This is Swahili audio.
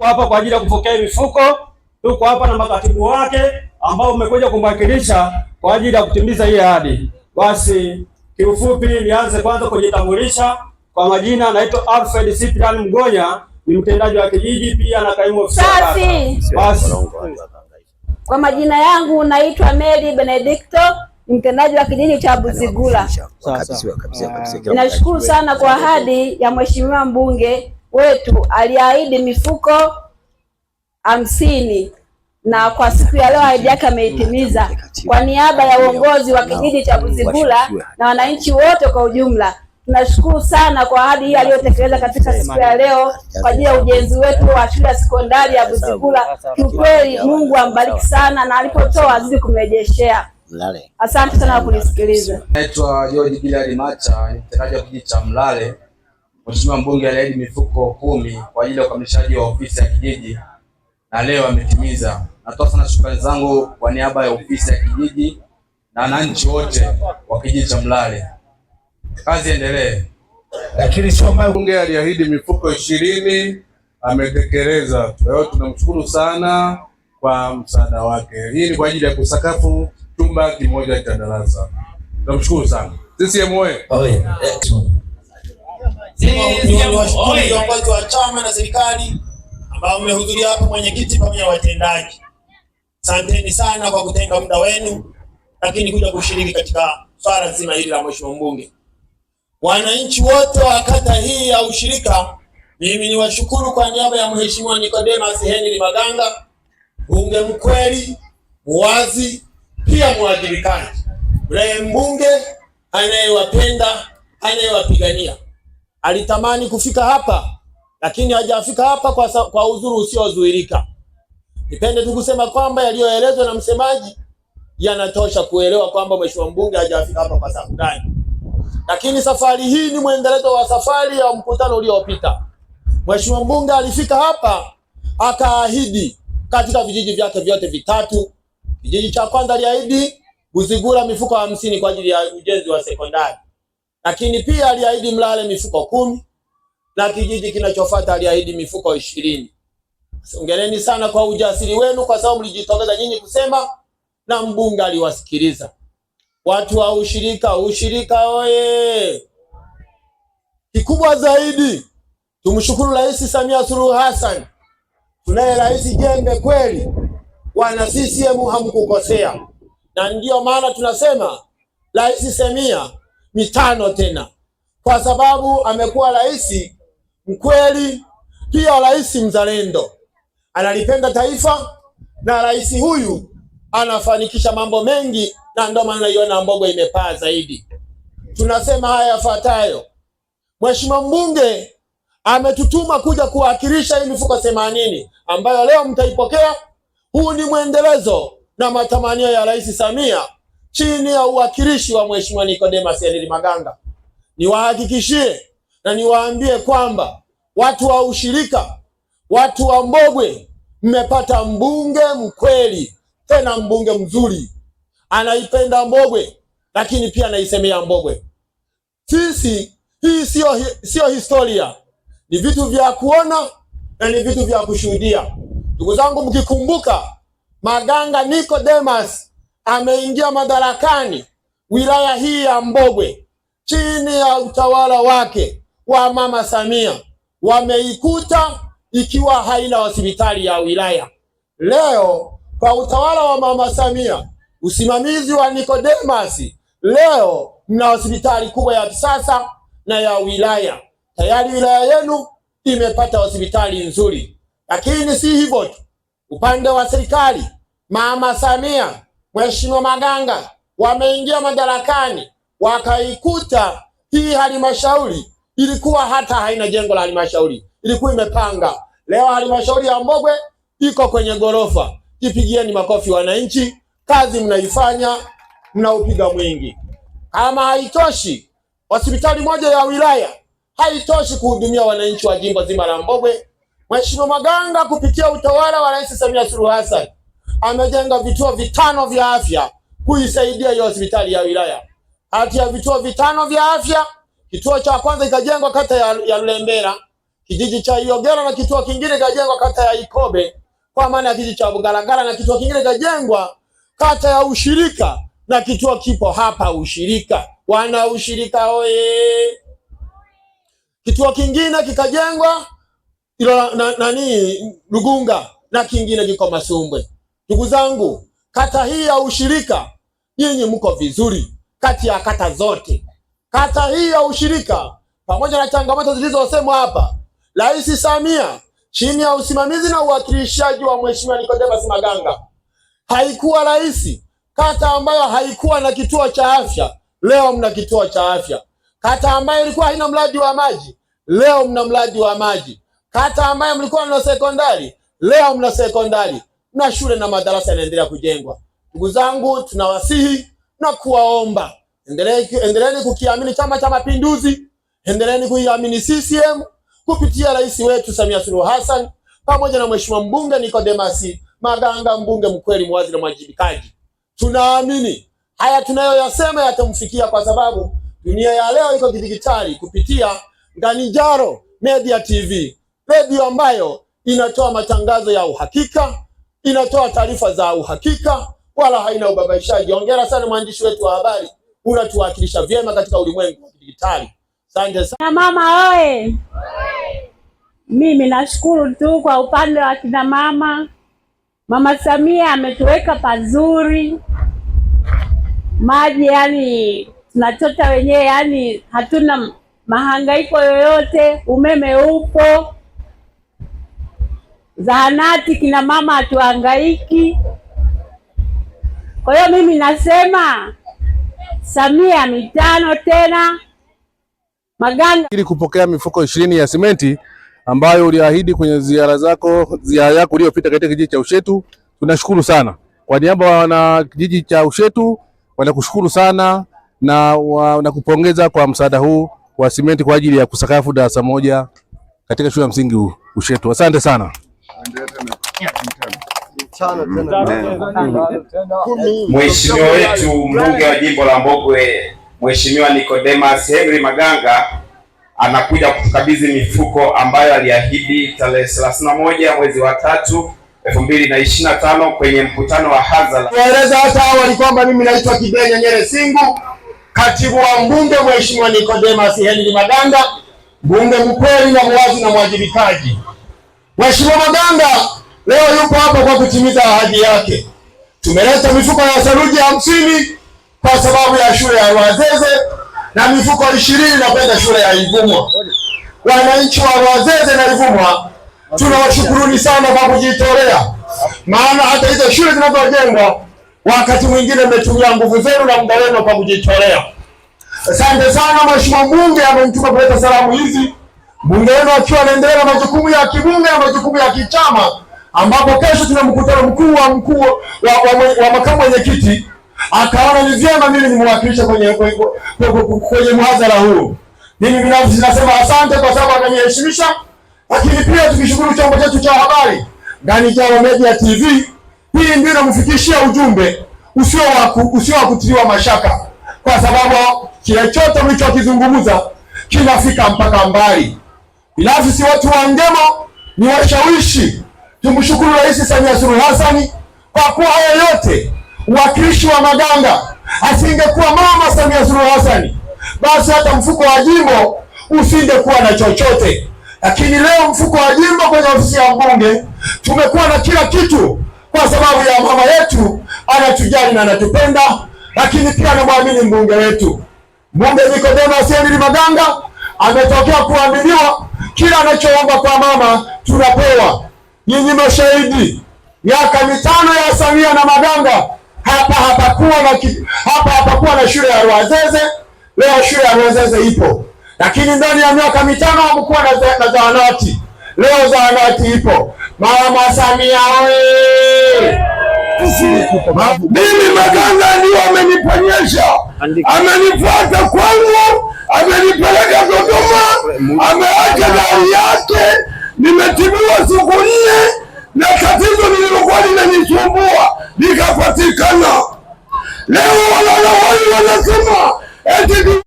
Hapa kwa ajili ya kupokea mifuko, tuko hapa na makatibu wake ambao umekuja kumwakilisha kwa ajili ya kutimiza hii ahadi. Basi kiufupi, nianze kwanza kujitambulisha kwa majina. Naitwa Alfred Cyprian Mgonya, ni mtendaji wa kijiji pia na kaimu ofisa. Basi kwa majina yangu naitwa Mary Benedicto mtendaji wa kijiji cha Buzigula. Nashukuru sana kwa ahadi ya mheshimiwa mbunge wetu aliahidi mifuko hamsini na kwa siku ya leo ahadi yake ameitimiza. Kwa niaba ya uongozi wa kijiji cha Buzigula na wananchi wote kwa ujumla, tunashukuru sana kwa ahadi hii aliyotekeleza katika siku ya leo kwa ajili ya ujenzi wetu wa shule ya sekondari ya Buzigula. Kiukweli Mungu ambariki sana, na alipotoa azidi kumrejeshea. Asante sana kwa kunisikiliza. Naitwa George Bilali Macha, mtendaji wa kijiji cha Mlale. Mheshimiwa mbunge aliahidi mifuko kumi kwa ajili ya ukamilishaji wa ofisi ya kijiji na leo ametimiza. Natoa sana shukrani zangu kwa niaba ya ofisi ya kijiji na wananchi wote wa kijiji cha Mlale. Kazi endelee. Lakini sio mbaya, mbunge aliahidi mifuko ishirini ametekeleza. Kwa hiyo tunamshukuru sana kwa msaada wake. Hii ni kwa ajili ya kusakafu chumba kimoja cha darasa. Tunamshukuru sana. Sisi oye! Niwashukuru viongozi wa chama na serikali ambao mmehudhuria hapo, mwenyekiti pamoja na watendaji, asanteni sana kwa kutenga muda wenu, lakini kuja kushiriki katika swala zima hili la mheshimiwa mbunge. Wananchi wote wa kata hii ya ushirika, mimi niwashukuru kwa niaba ya mheshimiwa Nicodemas Henry Maganga, mbunge mkweli, mwazi, pia mwajibikaji, ule mbunge anayewapenda, anayewapigania alitamani kufika hapa lakini hajafika hapa kwa, kwa udhuru usiozuilika. Nipende tu kusema kwamba yaliyoelezwa na msemaji yanatosha kuelewa kwamba mheshimiwa mbunge hajafika hapa kwa sababu gani. Lakini safari hii ni mwendelezo wa safari ya mkutano uliopita. Mheshimiwa mbunge alifika hapa akaahidi katika vijiji vyake vyote vitatu. Kijiji cha kwanza aliahidi Buzigura mifuko hamsini kwa ajili ya ujenzi wa sekondari lakini pia aliahidi Mlale mifuko kumi na kijiji kinachofuata aliahidi mifuko ishirini. Ongereni sana kwa ujasiri wenu, kwa sababu mlijitokeza nyinyi kusema na mbunge aliwasikiliza. Watu wa ushirika, ushirika oye! Kikubwa zaidi tumshukuru Rais Samia Suluhu Hassan, tunaye rais jembe kweli. Wana CCM hamkukosea, na ndiyo maana tunasema Rais Samia mitano tena, kwa sababu amekuwa rais mkweli, pia rais mzalendo, analipenda taifa, na rais huyu anafanikisha mambo mengi, na ndio maana naiona Mbogwa imepaa zaidi. Tunasema haya yafuatayo: Mheshimiwa mbunge ametutuma kuja kuwakilisha hii mifuko themanini ambayo leo mtaipokea. Huu ni mwendelezo na matamanio ya Rais Samia chini ya uwakilishi wa Mheshimiwa Nicodemus Elili Maganga. Niwahakikishie na niwaambie kwamba watu wa ushirika, watu wa Mbogwe, mmepata mbunge mkweli, tena mbunge mzuri, anaipenda Mbogwe, lakini pia anaisemea Mbogwe. Sisi hii siyo, siyo historia, ni vitu vya kuona na ni vitu vya kushuhudia. Ndugu zangu, mkikumbuka Maganga Nicodemus ameingia madarakani wilaya hii ya Mbogwe chini ya utawala wake wa Mama Samia, wameikuta ikiwa haina hospitali ya wilaya. Leo kwa utawala wa Mama Samia, usimamizi wa Nicodemus, leo mna hospitali kubwa ya kisasa na ya wilaya. Tayari wilaya yenu imepata hospitali nzuri, lakini si hivyo tu, upande wa serikali Mama Samia Mheshimiwa Maganga wameingia madarakani, wakaikuta hii halmashauri ilikuwa hata haina jengo la halmashauri, ilikuwa imepanga. Leo halmashauri ya Mbogwe iko kwenye gorofa. Jipigieni makofi wananchi, kazi mnaifanya, mnaupiga mwingi. Kama haitoshi, hospitali moja ya wilaya haitoshi kuhudumia wananchi wa jimbo zima la Mbogwe. Mheshimiwa Maganga kupitia utawala wa Rais Samia Suluhu Hassan amejenga vituo vitano vya afya kuisaidia hiyo hospitali ya wilaya. Hati ya vituo vitano vya afya, kituo cha kwanza kikajengwa kata ya, ya Lembera, kijiji cha Iogera na kituo kingine kikajengwa kata ya Ikobe kwa maana ya kijiji cha Bugalagala na kituo kingine kikajengwa kata ya Ushirika na kituo kipo hapa Ushirika. Wana Ushirika oye! Kituo kingine kikajengwa nani Lugunga na kingine kiko Masumbwe. Ndugu zangu, kata hii ya ushirika, nyinyi mko vizuri kati ya kata zote. Kata hii ya ushirika, pamoja na changamoto zilizosemwa hapa, Rais Samia chini ya usimamizi na uwakilishaji wa Mheshimiwa nikodemas Maganga, haikuwa rahisi. Kata ambayo haikuwa na kituo cha afya, leo mna kituo cha afya. Kata ambayo ilikuwa haina mradi wa maji, leo mna mradi wa maji. Kata ambayo mlikuwa mna sekondari, leo mna sekondari na shule na madarasa yanaendelea kujengwa. Ndugu zangu, tunawasihi na kuwaomba endeleeni kukiamini Chama cha Mapinduzi, endeleeni kuiamini CCM kupitia rais wetu Samia Suluhu Hassan pamoja na mheshimiwa mbunge Nicodemas Maganga, mbunge mkweli, mwazi na mwajibikaji. Tunaamini haya tunayoyasema yatamfikia, kwa sababu dunia ya leo iko kidigitali kupitia Nganijaro Media TV, redio ambayo inatoa matangazo ya uhakika inatoa taarifa za uhakika wala haina ubabaishaji. Hongera sana mwandishi wetu wa habari, unatuwakilisha vyema katika ulimwengu wa kidijitali. Asante sana mama oye. Mimi nashukuru tu kwa upande wa kina mama. Mama Samia ametuweka pazuri, maji yani tunachota wenyewe, yani hatuna mahangaiko yoyote, umeme upo zahanati, kina mama hatuhangaiki. Kwa hiyo mimi nasema Samia mitano tena. Maganga ili kupokea mifuko ishirini ya simenti ambayo uliahidi kwenye ziara zako ziara yako uliyopita katika kijiji cha Ushetu. Tunashukuru sana kwa niaba ya wana kijiji cha Ushetu, wanakushukuru sana na wanakupongeza kwa msaada huu wa simenti kwa ajili ya kusakafu darasa moja katika shule ya msingi Ushetu. Asante sana. Mheshimiwa wetu mbunge wa jimbo la Mbogwe, Mheshimiwa Nicodemas Henry Maganga anakuja kutukabidhi mifuko ambayo aliahidi tarehe 31 mwezi wa tatu 2025 kwenye mkutano wa hadhara. Naeleza hata awali kwamba mimi naitwa Kidenya Nyere Singu, katibu wa mbunge Mheshimiwa Nicodemas Henry Maganga, mbunge mkweli na mwazi na mwajibikaji. Mheshimiwa Maganga leo yupo hapa kwa kutimiza ahadi yake. Tumeleta mifuko ya saruji hamsini kwa sababu ya shule ya Rwazeze na mifuko ishirini na kwenda shule ya Ivumwa. Wananchi wa Rwazeze na Ivumwa tunawashukuruni sana kwa kujitolea, maana hata hizo shule zinazojengwa wakati mwingine mmetumia nguvu zenu na muda wenu kwa kujitolea. Asante sana Mheshimiwa mbunge amenituma kuleta salamu hizi bunge lenu akiwa anaendelea na majukumu ya kibunge na majukumu ya kichama, ambapo kesho tuna mkutano mkuu wa mkuu wa, wa, wa makamu mwenyekiti, akaona ni vyema mimi nimwakilisha kwenye kwenye mhadhara huu. Mimi binafsi nasema asante kwa sababu ameniheshimisha, lakini pia tukishukuru chombo chetu cha habari Ngalijawa Media TV. Hii ndio inamfikishia ujumbe usio wa usio wa kutiliwa mashaka, kwa sababu kile chote mlichokizungumza kinafika mpaka mbali. Ilasi si watu wa Ngemo, ni washawishi. Tumshukuru Rais Samia Suluhu Hassan kwa kuwa haya yote, uwakilishi wa Maganga, asingekuwa Mama Samia Suluhu Hassan, basi hata mfuko wa jimbo usingekuwa na chochote. Lakini leo mfuko wa jimbo kwenye ofisi ya mbunge tumekuwa na kila kitu, kwa sababu ya mama yetu anatujali na anatupenda, lakini pia anamwamini mbunge wetu. Mbunge Nicodemus Henry Maganga ametokea kuaminiwa kila anachoomba kwa mama tunapewa. Nyinyi mashahidi, miaka mitano ya Samia na Maganga hapa hapakuwa na hapa hapakuwa na shule ya Rwazeze. Leo shule ya Rwazeze ipo, lakini ndani ya miaka mitano hakukuwa na zahanati. Leo zahanati ipo. Mama Samia oye! Mimi Maganga ndio ameniponyesha, amenifuata kwangu amenipeleka Dodoma, ameacha gari yake. Nimetibiwa siku nne na tatizo lililokuwa linanisumbua likapatikana. Leo walalamai wanasema eti